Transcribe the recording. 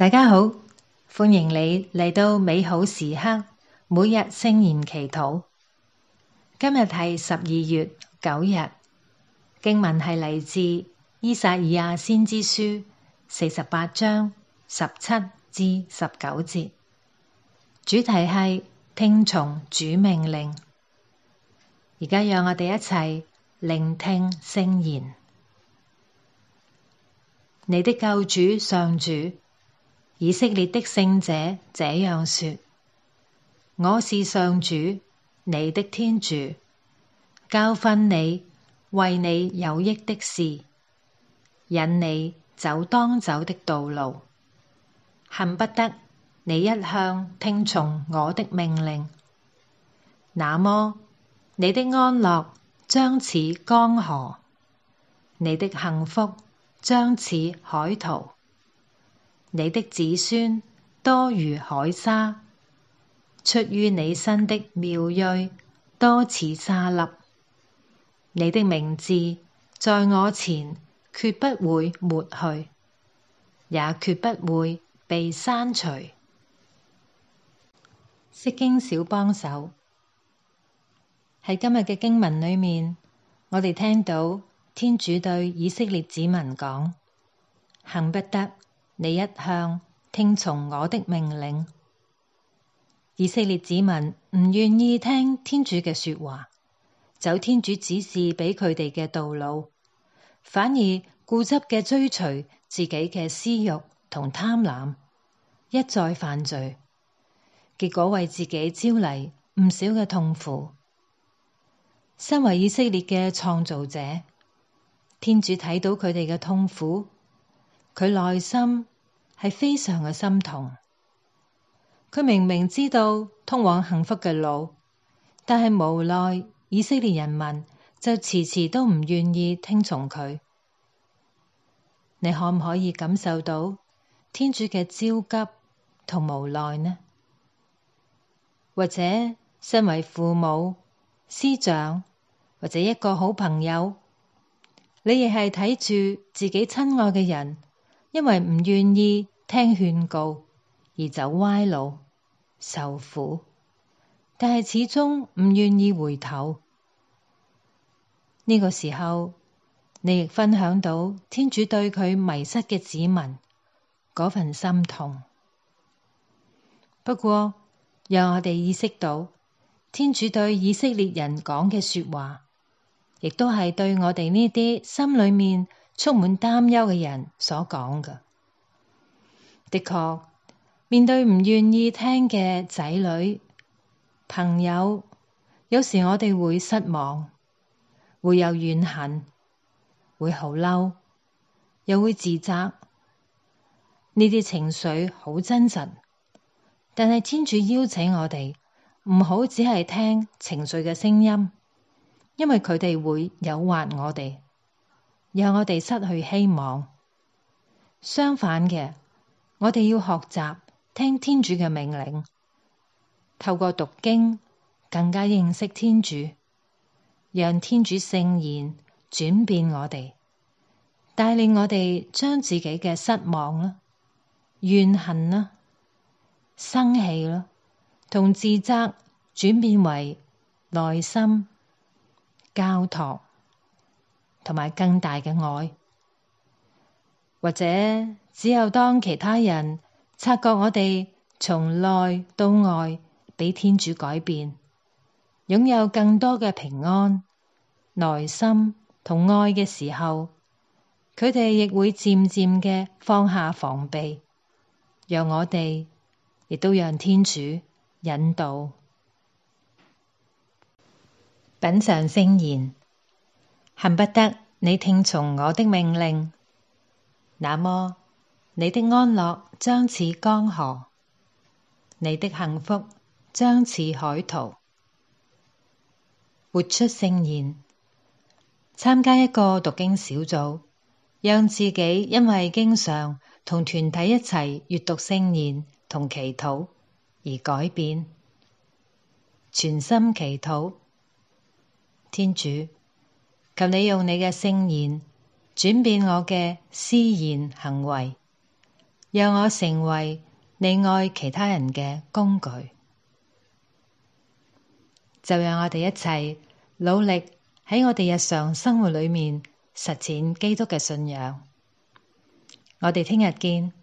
大家好，歡迎你嚟到美好時刻，每日聖言祈禱。今日係十二月九日，經文係嚟自《依撒意亞先知書》四十八章十七至十九節，主題係聽從主命令。而家讓我哋一齊聆聽聖言，你的救主上主。以色列的聖者這樣說：我是上主，你的天主，教訓你，為你有益的事，引你走當走的道路，恨不得你一向聽從我的命令，那麼你的安樂將似江河，你的幸福將似海濤。你的子孫多如海沙，出於你身的苗裔多似沙粒。你的名字在我前絕不會抹去，也絕不會被刪除。釋經小幫手喺今日嘅經文裏面，我哋聽到天主對以色列子民講：恨不得你一向聽從我的命令！以色列子民唔願意聽天主嘅說話，走天主指示畀佢哋嘅道路，反而固執嘅追隨自己嘅私欲同貪婪，一再犯罪，結果為自己招嚟唔少嘅痛苦。身為以色列嘅創造者，天主睇到佢哋嘅痛苦，佢內心。係非常嘅心痛，佢明明知道通往幸福嘅路，但係無奈以色列人民就遲遲都唔願意聽從佢。你可唔可以感受到天主嘅焦急同無奈呢？或者身為父母、師長或者一個好朋友，你亦係睇住自己親愛嘅人。因為唔願意聽勸告而走歪路受苦，但係始終唔願意回頭。呢、這個時候，你亦分享到天主對佢迷失嘅子民嗰份心痛。不過，讓我哋意識到，天主對以色列人講嘅說話，亦都係對我哋呢啲心裏面。充滿擔憂嘅人所講嘅，的確面對唔願意聽嘅仔女、朋友，有時我哋會失望，會有怨恨，會好嬲，又會自責，呢啲情緒好真實。但係天主邀請我哋唔好只係聽情緒嘅聲音，因為佢哋會誘惑我哋。讓我哋失去希望。相反嘅，我哋要學習聽天主嘅命令，透過讀經更加認識天主，讓天主聖言轉變我哋，帶領我哋將自己嘅失望啦、怨恨啦、生氣啦同自責轉變為耐心、交託。同埋更大嘅愛，或者只有當其他人察覺我哋從內到外畀天主改變，擁有更多嘅平安、耐心同愛嘅時候，佢哋亦會漸漸嘅放下防備，讓我哋亦都讓天主引導，品嘗聖言。恨不得你聽從我的命令，那麼你的安樂將似江河，你的幸福將似海濤。活出聖言，參加一個讀經小組，讓自己因為經常同團體一齊閱讀聖言同祈禱而改變。全心祈禱，天主。求你用你嘅聖言轉變我嘅思言行為，讓我成為你愛其他人嘅工具。就讓我哋一齊努力喺我哋日常生活裏面實踐基督嘅信仰。我哋聽日見。